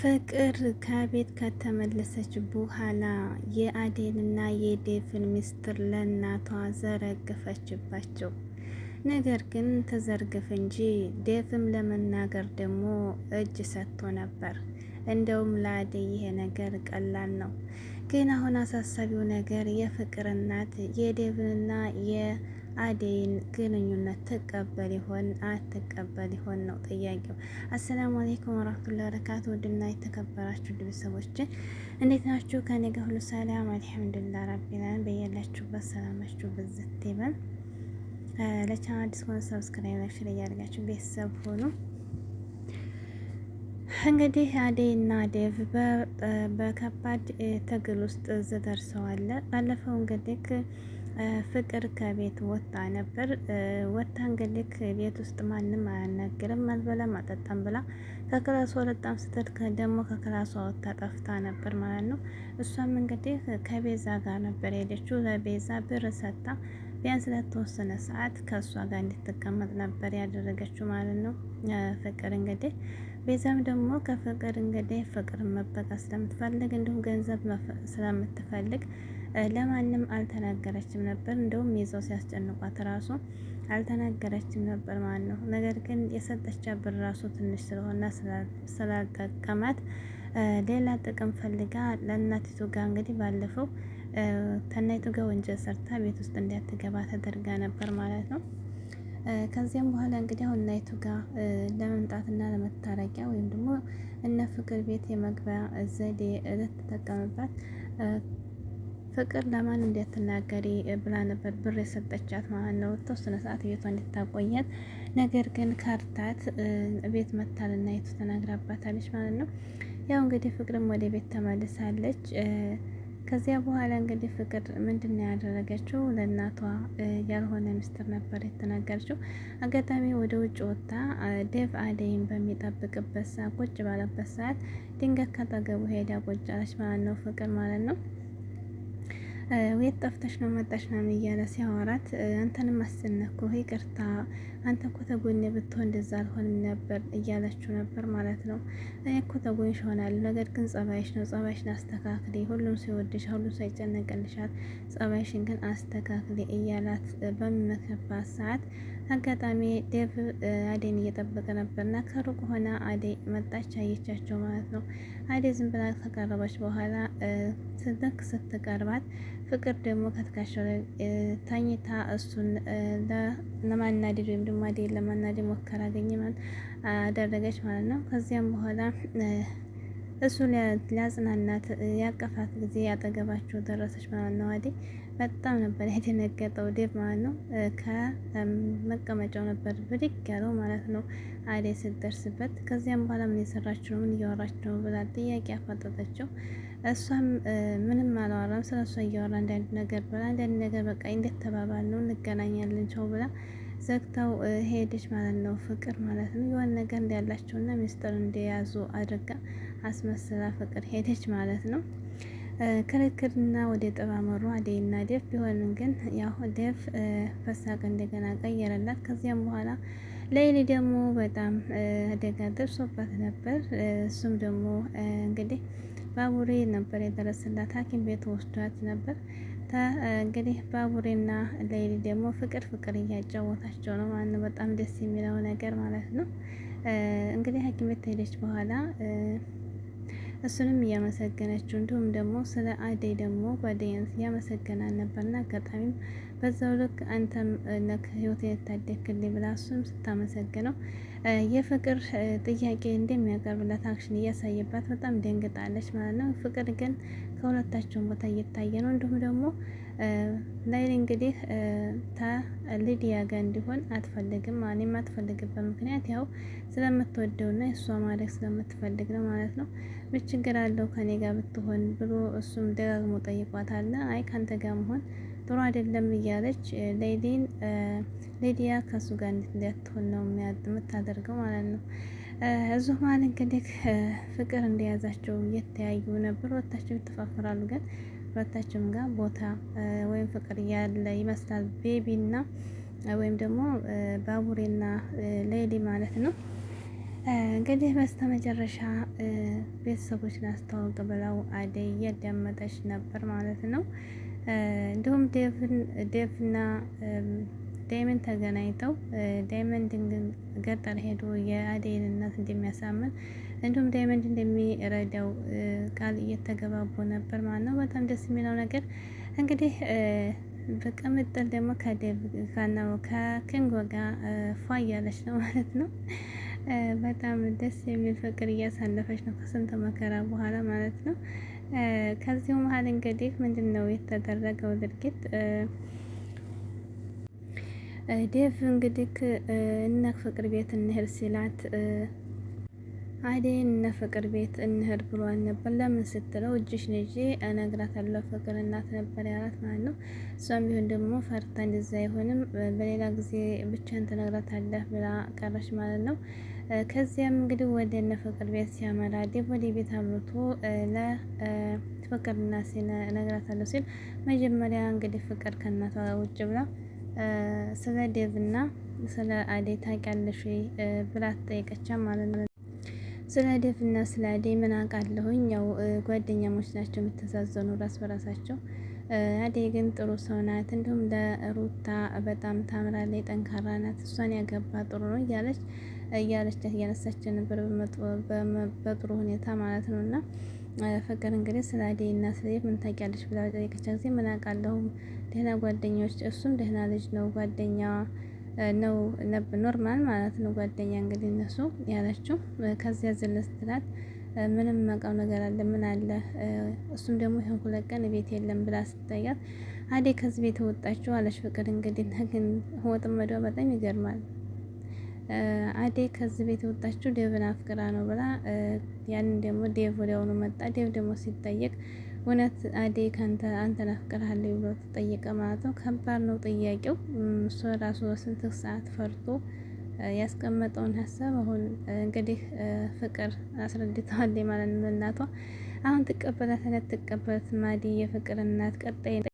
ፍቅር ከቤት ከተመለሰች በኋላ የአዴንና የዴፍን ሚስጥር ለእናቷ ዘረገፈችባቸው ነገር ግን ተዘርግፍ እንጂ ዴፍም ለመናገር ደግሞ እጅ ሰጥቶ ነበር። እንደውም ለአደይ ይሄ ነገር ቀላል ነው። ግን አሁን አሳሳቢው ነገር የፍቅር እናት የዴቭንና አደይን ግንኙነት ትቀበል ይሆን አትቀበል ይሆን ነው ጥያቄው። አሰላሙ አሌይኩም ወራህመቱላሂ ወበረካቱ ውድና የተከበራችሁ ቤተሰቦች እንዴት ናችሁ? ከኔ ጋር ሁሉ ሰላም አልሐምዱሊላህ ረቢላን። በያላችሁበት ሰላማችሁ ብዝት ይበል። ለቻናል አዲስ ሆነ ሰብስክራይብ ላይ ያደርጋችሁ ቤተሰብ ሆኑ። እንግዲህ አደይ እና ዴቭ በከባድ ትግል ውስጥ ዝደርሰዋል። ባለፈው እንግዲህ ፍቅር ከቤት ወጣ ነበር። ወጣ እንግዲህ ቤት ውስጥ ማንም አያናግርም፣ አልበላም፣ አጠጣም ብላ ከክላሷ ወጣም ስትል ደግሞ ከክላሷ ወጣ ጠፍታ ነበር ማለት ነው። እሷም እንግዲህ ከቤዛ ጋር ነበር የሄደችው። ለቤዛ ብር ሰጥታ ቢያንስ ለተወሰነ ሰዓት ከእሷ ጋር እንድትቀመጥ ነበር ያደረገችው ማለት ነው። ፍቅር እንግዲህ ቤዛም ደግሞ ከፍቅር እንግዲህ ፍቅር መበቃ ስለምትፈልግ እንዲሁም ገንዘብ ስለምትፈልግ ለማንም አልተናገረችም ነበር። እንደውም ይዘው ሲያስጨንቋት ራሱ አልተናገረችም ነበር ማለት ነው። ነገር ግን የሰጠቻ ብር ራሱ ትንሽ ስለሆነ ስላጋቀማት ሌላ ጥቅም ፈልጋ ለእናቲቱ ጋር እንግዲህ ባለፈው ከእናቲቱ ጋር ወንጀል ሰርታ ቤት ውስጥ እንዲያትገባ ተደርጋ ነበር ማለት ነው። ከዚያም በኋላ እንግዲህ አሁን እናቲቱ ጋር ለመምጣትና ለመታረቂያ ወይም ደግሞ እነ ፍቅር ቤት የመግቢያ ዘዴ ልትጠቀምባት ፍቅር ለማን እንዳትናገሪ ብላ ነበር ብር የሰጠቻት ማለት ነው። ተወሰነ ሰዓት ቤቷ እንድታቆያት ነገር ግን ካርታት ቤት መታልና የቱ ተናግራባታለች ማለት ነው። ያው እንግዲህ ፍቅርም ወደ ቤት ተመልሳለች። ከዚያ በኋላ እንግዲህ ፍቅር ምንድን ነው ያደረገችው? ለእናቷ ያልሆነ ምስጢር ነበር የተናገረችው። አጋጣሚ ወደ ውጭ ወጥታ ዴቭ አደይን በሚጠብቅበት ሰዓት ቁጭ ባለበት ሰዓት ድንገት ከጠገቡ ሄዳ ቁጭ አለች ማለት ነው። ፍቅር ማለት ነው ወይት ጠፍተሽ ነው መጣሽ ምናምን እያለ ሲያወራት አንተንም አስነኩ ይቅርታ፣ አንተ እኮ ተጎኔ ብትሆን እንደዛ አልሆንም ነበር እያለችው ነበር ማለት ነው። እኔ እኮ ተጎንሽ እሆናለሁ፣ ነገር ግን ጸባይሽ ነው። ጸባይሽን አስተካክሌ፣ ሁሉም ሰው ይወድሻል፣ ሁሉም ሰው ይጨነቅልሻል፣ ጸባይሽን ግን አስተካክሌ እያላት በሚመክርባት ሰዓት አጋጣሚ ዴቭ አዴን እየጠበቀ ነበርና ከሩቅ ሆና አዴ መጣች፣ አየቻቸው ማለት ነው። አዴ ዝም ብላ ከቀረበች በኋላ ስንክ ስትቀርባት ፍቅር ደግሞ ከትካሻው ላይ ተኝታ እሱን ለማናደድ ወይም ደግሞ አዴን ለማናደድ ሞከራ አገኘ አደረገች ማለት ነው። ከዚያም በኋላ እሱ ሊያጽናናት ያቀፋት ጊዜ ያጠገባቸው ደረሰች ማለት ነው። አዴ በጣም ነበር የደነገጠው ዴቭ ማለት ነው። ከመቀመጫው ነበር ብድግ ያለው ማለት ነው። አዴ ስትደርስበት ከዚያም በኋላ ምን የሰራችሁ ነው? ምን እያወራችሁ ነው? ብላ ጥያቄ አፋጠጠችው። እሷም ምንም አላወራም፣ ስለ እሷ እያወራ አንዳንድ ነገር ብላ አንዳንድ ነገር በቃ እንደተባባል ነው እንገናኛለን ቸው ብላ ዘግታው ሄደች ማለት ነው። ፍቅር ማለት ነው የሆነ ነገር እንዳላቸውና ሚስጥር እንደያዙ አድርጋ አስመስላ ፍቅር ሄደች ማለት ነው። ክርክርና ወደ ጠባ አደይና ደፍ ቢሆንም ግን ያው ደፍ ፈሳቅ እንደገና ቀየረላት። ከዚያም በኋላ ሌሊ ደግሞ በጣም አደጋ ደርሶባት ነበር። እሱም ደግሞ እንግዲህ ባቡሬ ነበር የደረሰላት ሐኪም ቤት ወስዷት ነበር። እንግዲህ ባቡሬና ሌሊ ደግሞ ፍቅር ፍቅር እያጫወታቸው ነው ማለት ነው። በጣም ደስ የሚለው ነገር ማለት ነው። እንግዲህ ሐኪም ቤት ከሄደች በኋላ እሱንም እያመሰገነችው እንዲሁም ደግሞ ስለ አደይ ደግሞ ጓደኛን እያመሰገናል ነበርና አጋጣሚም በዛው ልክ አንተም ነክ ህይወት የታደክልኝ ብላ እሱም ስታመሰግነው የፍቅር ጥያቄ እንደሚያቀርብላት አክሽን እያሳየባት በጣም ደንግጣለች ማለት ነው። ፍቅር ግን ከሁለታቸውም ቦታ እየታየ ነው። እንዲሁም ደግሞ ላይ እንግዲህ ከሊዲያ ጋር እንዲሆን አትፈልግም። ማን የማትፈልግበት ምክንያት ያው ስለምትወደውና እሷ ማድረግ ስለምትፈልግ ነው ማለት ነው። ምን ችግር አለው ከኔ ጋር ብትሆን ብሎ እሱም ደጋግሞ ጠይቋታል። አይ ከአንተ ጋር መሆን ጥሩ አይደለም እያለች ሌዲን ሌዲያ ከሱ ጋር እንድትሆን ነው የምታደርገው ማለት ነው። ዙማን እንግዲህ ፍቅር እንደያዛቸው እየተያዩ ነበር። ሁለታቸው ይተፋፈራሉ፣ ግን ሁለታቸውም ጋር ቦታ ወይም ፍቅር ያለ ይመስላል። ቤቢና ወይም ደግሞ ባቡሬና ሌሊ ማለት ነው። እንግዲህ በስተመጨረሻ ቤተሰቦችን አስተዋውቅ ብለው አደይ እያዳመጠች ነበር ማለት ነው። እንዲሁም ዴቭና ዳይመንድ ተገናኝተው ዳይመንድ ገጠር ሄዶ የአደይን እናት እንደሚያሳምን እንዲሁም ዳይመንድ እንደሚረዳው ቃል እየተገባቡ ነበር ማለት ነው። በጣም ደስ የሚለው ነገር እንግዲህ በቅምጥል ደግሞ ከደብ ካናው ከክንጎ ጋር ፏ እያለች ነው ማለት ነው። በጣም ደስ የሚል ፍቅር እያሳለፈች ነው ከስንት መከራ በኋላ ማለት ነው። ከዚሁ መሀል እንግዲህ ምንድን ነው የተደረገው ድርጊት ዴቭ እንግዲህ እነ ፍቅር ቤት እንሄድ ሲላት አደይን እነ ፍቅር ቤት እንሄድ ብሏል ነበር። ለምን ስትለው እጅሽን ይዤ እነግራታለሁ ፍቅር እናት ነበር ያላት ማለት ነው። እሷም ቢሆን ደግሞ ፈርታ እንደዛ አይሆንም በሌላ ጊዜ ብቻን ትነግራታለህ ብላ ቀረች ማለት ነው። ከዚያም እንግዲህ ወደ እነ ፍቅር ቤት ሲያመራ ዴቭ ወደ ቤት አምርቶ ለፍቅርና ሲነግራታለሁ ሲል መጀመሪያ እንግዲህ ፍቅር ከእናቷ ውጭ ብላ ስለ ዴቭና ስለ አዴ ታውቂያለሽ ብላ ትጠይቀቻ ማለት ነው። ስለ ዴቭና ስለ አዴ ምን አውቃለሁኝ? ያው ጓደኛሞች ናቸው የምትዛዘኑ ራስ በራሳቸው። አዴ ግን ጥሩ ሰው ናት፣ እንዲሁም ለሩታ በጣም ታምራለች፣ ጠንካራ ናት፣ እሷን ያገባ ጥሩ ነው እያለች እያለች እያነሳችን ነበር በጥሩ ሁኔታ ማለት ነው እና ፍቅር እንግዲህ ስለ አደይ እና ስለ ምን ታውቂያለሽ ብላ ጠየቀቻት ጊዜ ምን አውቃለሁ፣ ደህና ጓደኛዎች፣ እሱም ደህና ልጅ ነው፣ ጓደኛ ነው ኖርማል ማለት ነው ጓደኛ እንግዲህ እነሱ ያለችው። ከዚያ ዝለስ ትላት ምንም መቃው ነገር አለ ምን አለ እሱም ደግሞ ይህን ሁለት ቀን ቤት የለም ብላ ስትጠያት አደይ ከዚህ ቤት ወጣችሁ አለች። ፍቅር እንግዲህ ግን ወጥመዷ በጣም ይገርማል። አዴ ከዚህ ቤት የወጣችው ዴቭን አፍቅራ ነው ብላ ያንን ደግሞ ዴቭ ወዲያውኑ መጣ። ዴቭ ደግሞ ሲጠየቅ እውነት አደይ አንተን አፍቅራለሁ ብሎ ተጠየቀ ማለት ነው። ከባድ ነው ጥያቄው። እሱ ራሱ ስንት ሰዓት ፈርቶ ያስቀመጠውን ሀሳብ አሁን እንግዲህ ፍቅር አስረድተዋል ማለት ነው። እናቷ አሁን ትቀበላት አትቀበላት? ማዲ የፍቅር እናት ቀጣይ